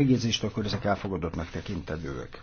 megjegyzést, akkor ezek elfogadottnak tekintetőek.